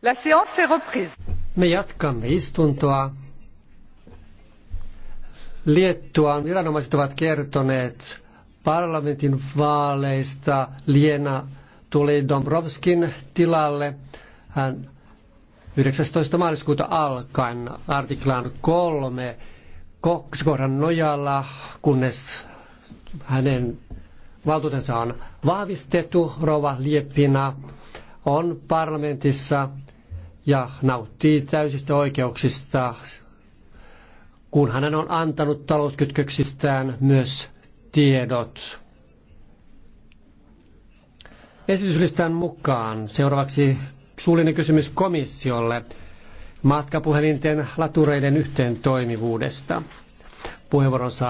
La séance est reprise. Me jatkamme istuntoa. Liettuan viranomaiset ovat kertoneet parlamentin vaaleista Liena tuli Dombrovskin tilalle. Hän 19. maaliskuuta alkaen artiklaan kolme kohdan nojalla, kunnes hänen valtuutensa on vahvistettu, Rova Liepina on parlamentissa ja nauttii täysistä oikeuksista, kun hän on antanut talouskytköksistään myös tiedot. Esityslistan mukaan seuraavaksi suullinen kysymys komissiolle matkapuhelinten latureiden yhteen toimivuudesta. Puheenvuoron saa